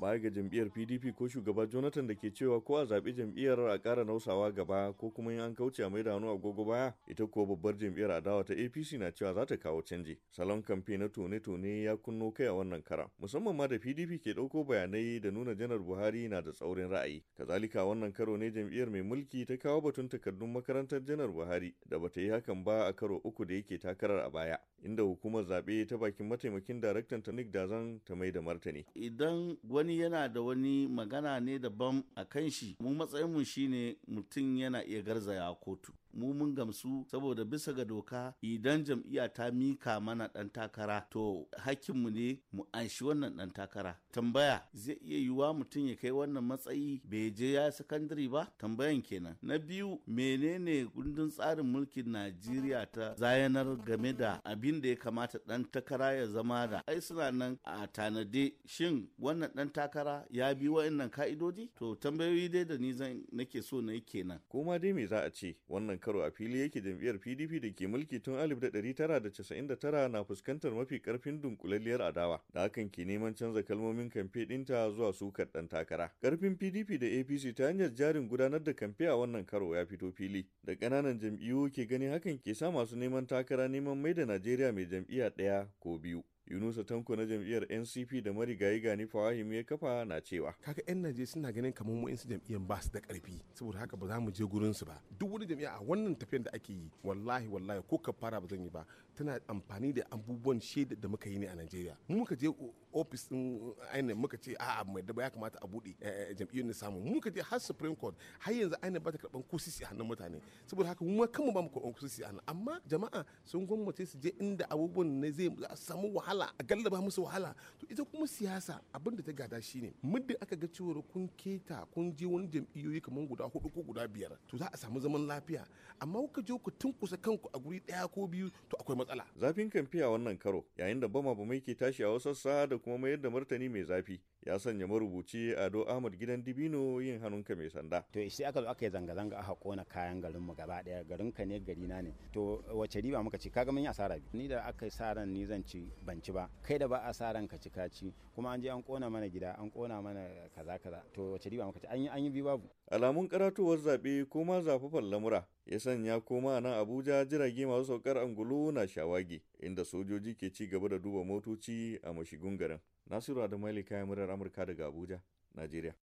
Baya ga jam'iyyar PDP ko shugaba Jonathan da ke cewa ko a zaɓi jam'iyyar a ƙara nausawa gaba ko kuma yin an kauce a mai da hannu agogo baya ita ko babbar jam'iyyar adawa ta APC na cewa za ta kawo canji. Salon kamfe na tone-tone ya kunno kai a wannan kara. Musamman ma da PDP ke ɗauko bayanai da nuna janar Buhari na da tsaurin ra'ayi. Kazalika wannan karo ne jam'iyyar mai mulki ta kawo batun takardun makarantar janar Buhari da bata yi hakan ba a karo uku da yake takarar a baya. Inda hukumar zaɓe ta bakin mataimakin daraktan Tanik Dazan ta mai da martani idan wani yana da wani magana ne daban a kan shi mu matsayinmu shine mutum yana iya garzaya kotu mu mun gamsu saboda bisa ga doka idan jam'iyya ta mika mana ɗan takara to hakkinmu ne mu anshi wannan ɗan takara tambaya zai iya yiwuwa mutum ya kai wannan matsayi bai je ya sakandare ba tambayan kenan na biyu menene gundun tsarin mulkin najeriya ta zayanar game da abin da ya kamata ɗan takara ya zama da ai suna nan a tanade shin wannan ɗan takara ya bi wa'annan ka'idodi to tambayoyi dai da ni zan nake so na yi kenan kuma dai me za a ce wannan karo a fili yake jam'iyyar PDP da ke mulki tun 1999 na fuskantar mafi karfin dunkulalliyar adawa da hakan ke neman canza kalmomin kamfe ɗinta zuwa sukar ɗan takara. Karfin PDP da APC ta hanyar jarin gudanar da kamfe a wannan karo ya fito fili da ƙananan jam'iyyu ke gani hakan ke sa masu neman takara neman mai da Najeriya mai jam'iyya ɗaya ko biyu. Yunusa Tanko na jam'iyyar NCP da marigayi Gani Fawahim ya kafa na cewa. Kaga 'yan Najeriya suna ganin kamar mu su jam'iyyar ba su da karfi saboda haka ba za mu je gurin su ba. Duk wani jam'iyya a wannan tafiyar da ake yi wallahi wallahi ko kafara ba zan yi ba tana amfani da abubuwan shaida da muka yi ne a Najeriya. Mu muka je ofis din ainihin muka ce a mai daba ya kamata a buɗe eh, eh, jam'iyyar na samu mu muka je har Supreme Court har yanzu ainihin ba ta karɓan kusisi a hannun mutane saboda haka mu kanmu ba mu karɓan kusisi a hannun amma jama'a sun gwamnati su je inda abubuwan ne zai samu wahala wahala a gallaba musu wahala to ita kuma siyasa abin da ta gada shine muddin aka ga cewar kun keta kun je wani jam'iyyoyi kamar guda hudu ko guda biyar to za a samu zaman lafiya amma kuka je ku tunkusa kanku a guri daya ko biyu to akwai matsala zafin kamfe wannan karo yayin da bama ba mai ke tashi a wasu sassa da kuma mayar da martani mai zafi ya sanya marubuci Ado Ahmad Gidan Dibino yin ka mai sanda. To sai aka zo aka yi zanga-zanga aka kona kayan garin mu gaba daya garin ka ne gari na ne. To wace riba muka ci kaga mun yi asara bi. Ni da aka yi sa ni zan ci ban ci ba kai da ba a sa ranka ci ka ci kuma an je an kona mana gida an kona mana kaza kaza to wace riba muka ci an yi an yi babu alamun karatuwar zabe ko zafafan lamura ya sanya koma nan Abuja jirage masu saukar angulu na shawagi inda sojoji ke ci gaba da duba motoci a mashigun garin Nasiru Adamali kayan murar Amurka daga Abuja Najeriya